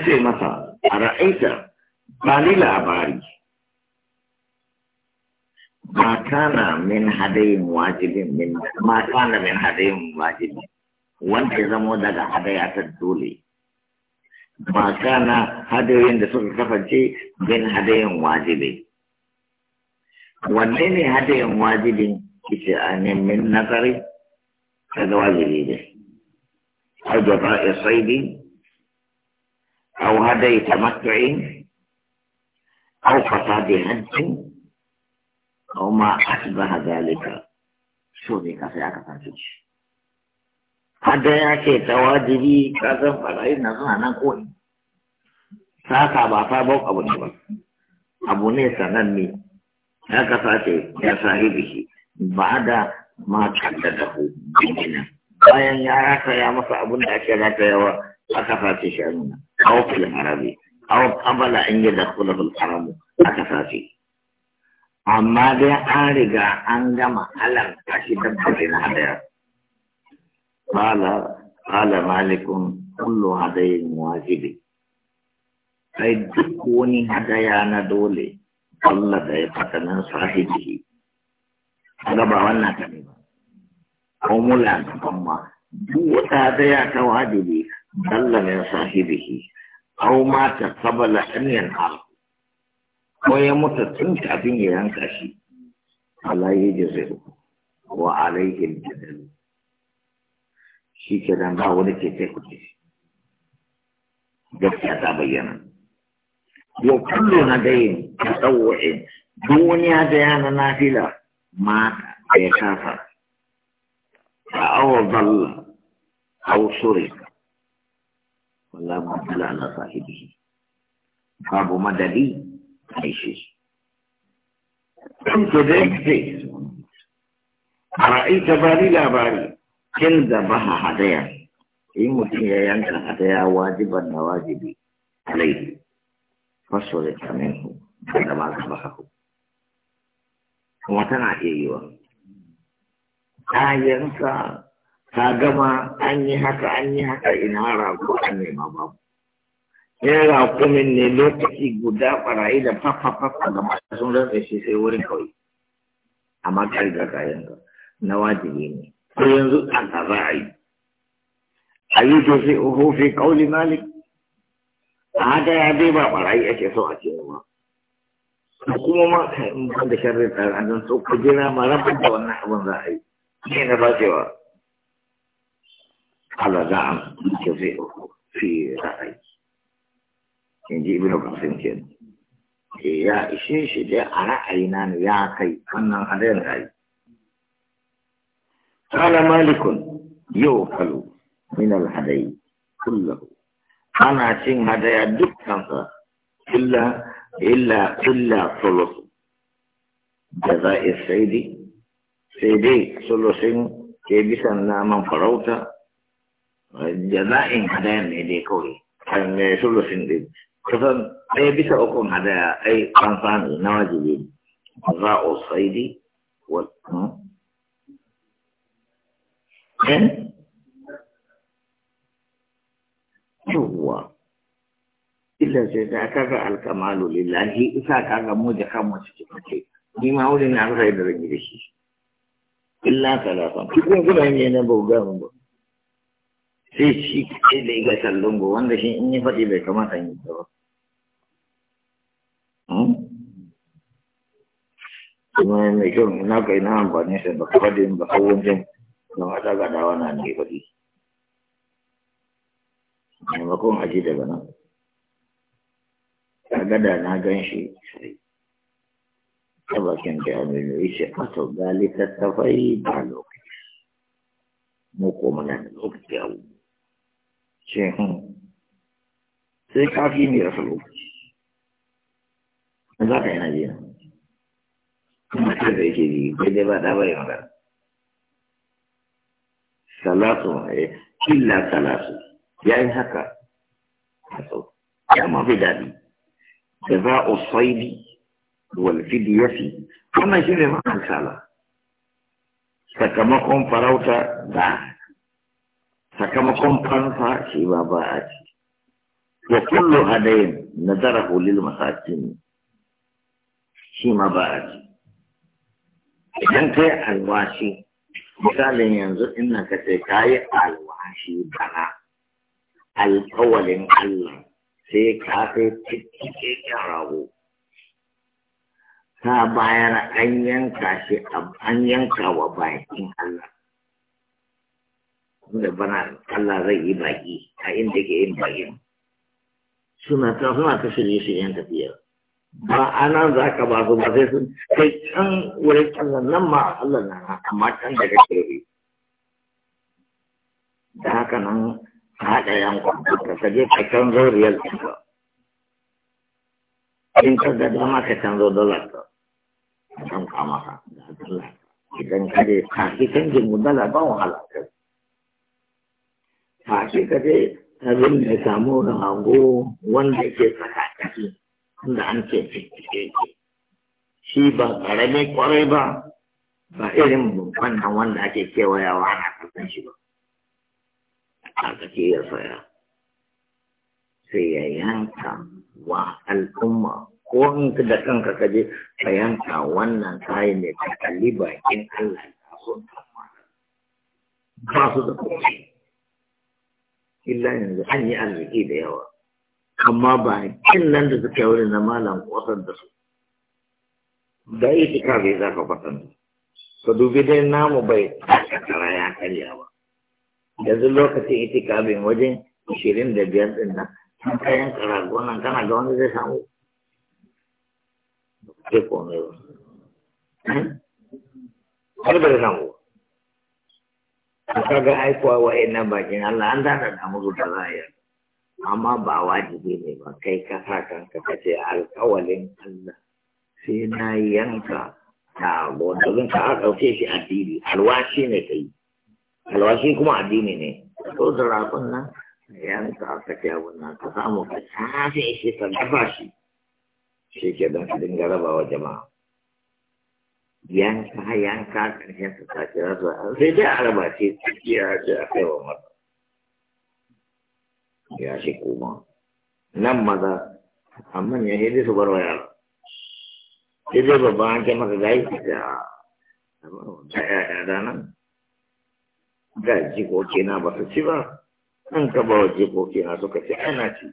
كيف مثلا أرأيت بليلة باري ما كان من هديم واجب من ما كان من هديم واجب وانت زمودا هدايا تدولي ما كان هدي عند سوق من هديم واجب وانني هديم واجب كيف أني من نظري هذا واجبي به أو أو هدي تمتع أو فساد حج أو ما أشبه ذلك شوني كفي أكفا أكثر هدايا كي تواجبي كذا فلاي نظر أنا قوي ساكا بافا بوك أبو نبال أبو نيسا نمي أكفا sace يا صاحبه بعد ما تحدده ma kaddadahu bimina bayan ya rasa ya masa abin da ake rata yawa أكفاتي شأننا أو في العربي أو قبل أن يدخل في الحرم أكفاتي أما دي أرجع أنجم ألم أشد بين هذا قال قال مالك كل هدي واجب أي دكوني هدايا دولي قل ده من صاحبه هذا بوانا كلمة أو ملا كما duk wata dalla min sahibihi aw mata sabala an yanhar ko ya mutu tun kafin ya yanka shi ala yajziru wa alayhi al shi ke nan ba wani ke sai kuce gaskiya ta bayyana wa kullu nadayin wani duniya da yana nafila mata ya kafa Ta awa zalla, aw surika wala mudilla ala sahibihi babu madadi a shi to dai sai a ra'aita bari labari kin da ba hadaya in mutum ya yanka hadaya wajiban na wajibi alaihi da kamen ku, da ma ka ba ku kuma tana iya yiwa ta yanka ka gama an yi haka an yi haka ina rago an nema babu ya rakumin ne lokaci guda barayi da fafafafa ga masu sun rantsa shi sai wurin kawai amma karga kayan ka na wajibi ne ko yanzu an ka za a yi a yi to sai oho fi kauli malik a haka ya dai ba barayi ake so a ce ma kuma ma kai in ban da sharri tsaron don so ku jira ma rabar da wannan abin za a yi ne na fashewa على زعم جزائه في رأيه ينجي ابن قاسم كده ya ishe shi dai a ra'ayina ne ya kai wannan hadayin ra'ayi. Kala malikun yau kalu min alhadayi kullahu. Ana cin hadaya dukkansa illa illa illa sulusu. Jaza isaidi sai dai sulusin ke bisan naman farauta jaza'in hadayan ne dai kawai kan ne sulusin din kusan ɗaya bisa ukun hadaya ai an sami na wajibi za a saidi wata ɗan hmm? eh? yawwa illa sai ta kaga alkamalu lillahi isa kaga mu da kan cikin kai ni ma wurin na rasa da rangi da shi illa talatan kuma kuna yin yana ba ga mun ba sai shi kai da iga sallon ba wanda shi in yi faɗi bai kamata yi ba hmm? kuma mai kyau na kai na amfani sai ba faɗi ba kawon jin don a ga dawa na ne faɗi maimakon aji daga nan kaga da na gan shi sai ta bakin jami'in yi shi a sau ta tafai ba lokaci mu koma na lokaci abubuwa shehun hmm, sai ka fi ni lokaci za ka yana jiya kuma ta da yake ji daidai ba ta bari magana salatu eh illa salatu ya yi haka ya mafi dadi. da za a saidi wal fidiyasi wannan shi ne ma'an sala sakamakon farauta da sakamakon fansa shi ba ba a ci ya kullu hadayin zara lil masakin shi ma ba a ci idan kai alwashi misalin yanzu ina ka ce ka yi alwashi bana alkawalin Allah sai ka kai cikin rago ta bayar an yanka shi an yanka wa bakin Allah da bana Allah zai yi baki a inda ke yin bakin suna ta suna ta shirye shiryen tafiya ba ana za ka ba su ba sai sun kai can wurin Allah nan ma Allah na amma can daga kirfi da haka nan haɗa yankon ka kaje ka can zauriyar ka in ka ga dama ka canzo dalar ka don kama ka da Allah idan ka ka ki canjin mu dala ba wahala kai Tashi ka je abin da ya samu rago wanda ke tsaka ciki wanda an ce fiye shi ba karami kwarai ba ba irin wannan wanda ake kewayawa ana kasan shi ba a kake ya saya sai ya yanka wa al'umma ko in da kanka ka je ka yanka wannan kayan ne ka kalli bakin Allah da sun ba su da kuma illa yanzu an yi arziki da yawa amma ba kin nan da suka wurin na malam kwatar da su da itika bai za ka kwatanta ka dubi dai namu bai takatara ya karya ba yanzu lokacin itika bai wajen ashirin da biyar din nan kan kayan karagonan kana ga wani zai samu zai komai ba hmm? har da samu ga aikuwa ina bakin Allah an dada da mu da zaya amma ba wajibi ne ba kai ka sa kanka ka ce alƙawalin Allah sai na yanka ta gona zan ka aka ɗauke shi addini alwashi ne yi. alwashi kuma addini ne Ko da rakon nan yanka aka ce wannan ka samu ka shafe shi ka dafa shi shi ke don ka dinga rabawa jama'a yanka yanka ƙarshen ka ta kira su sai dai araba ce ya ce a kai wa mata ya shi kuma nan maza amma ya hidi su bar wa yara sai dai babban an kai maka gayi su ta da da nan ga jikoki na ba su ci ba an ka ba wa jikoki na suka ce ana ci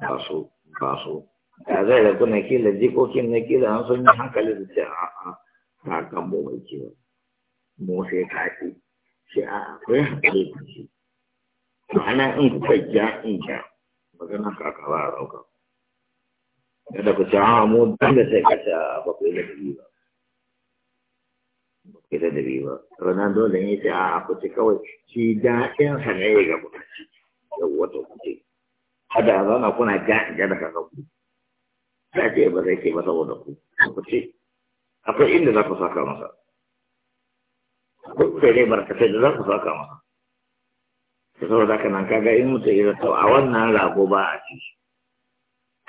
ba su ba su da zai rabu na kila jikokin na kila an sun yi hankali da ce a'a ta kan mu mai kiwa mu sai ka ce shi a akwai hankali da shi ana in kai ja in ja magana ka ba a rauka. Kada ku ce a mu dan da sai ka ce a bakwai da dabi ba bakwai da dabi ba ranar dole ne sai a ku ce kawai shi daɗin sa ne ga gaba yawwa wata ku ce hada zana kuna ja in ja da kaka ku ya ce ba zai kai ba saboda ku ku ce akwai inda za ku saka masa duk sai dai barkatai da za ku saka masa da saboda haka nan kaga in mutu ya zata a wannan rago ba a ci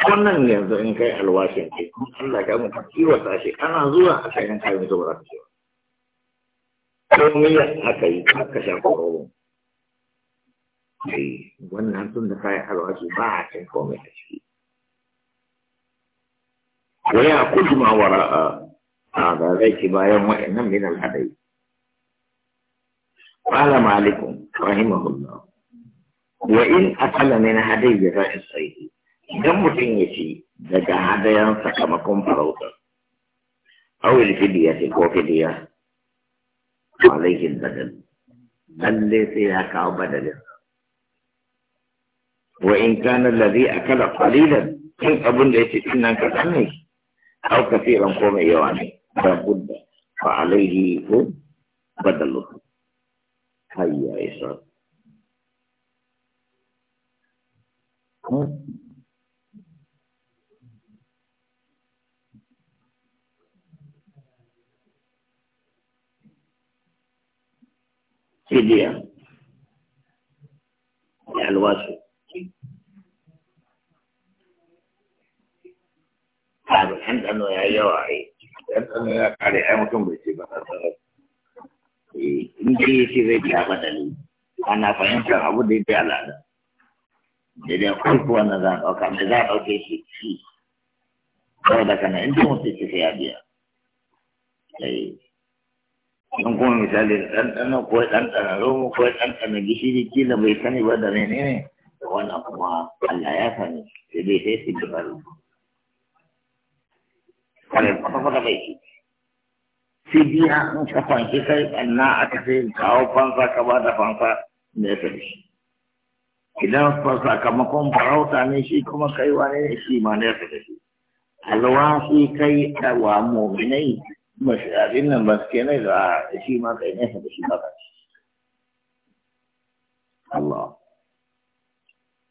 wannan yanzu in kai alwashin kuma Allah ya mu wa shi ana zuwa a sayan kayan mutum ba za ka ce ba ya aka yi aka sha kwakwaro eh, wannan tun da kai alwashi ba a kai komai a ciki ويأكل ما وراء هذا ذلك بايم وإن من الحديث قال مالك رحمه الله وإن أكل من هدي راعي الصيد إذا متن يشي سكمكم فروتا أو الفدية كوفدية عليه البدل بل فيها أو بدل وإن كان الذي أكل قليلا كيف أبن ليس إنك تنمي aw kafiran ko mai yawa ne da budda fa alaihi ko badalu hayya isa Sidiang. Hmm? abin yan dano ya yawa ai yan dano ya kare ai mutum bai ce ba na eh, sarar in dai ya ce zai biya dalili. ana fahimtar abu da ya fi al'ada daidai farko wannan za a ɗauka da za a ɗauke shi shi saboda kana in tun mutum ce sai ya biya eh. in kuma misali ɗanɗano ko ɗanɗana romo ko ɗanɗana gishiri kila bai sani ba da menene wannan kuma Allah ya sani sai dai sai su bi kwarai kwata-kwata bai shi sai biya in ka fanki kai ɓanna a tafi kawo fansa ka ba da fansa da ya tafi idan sakamakon farauta ne shi kuma kai wane ne shi ma ne ya tafi shi alwashi kai a wa mominai masu abin nan ba su ke nai da shi ma kai nesa da shi ba ka Allah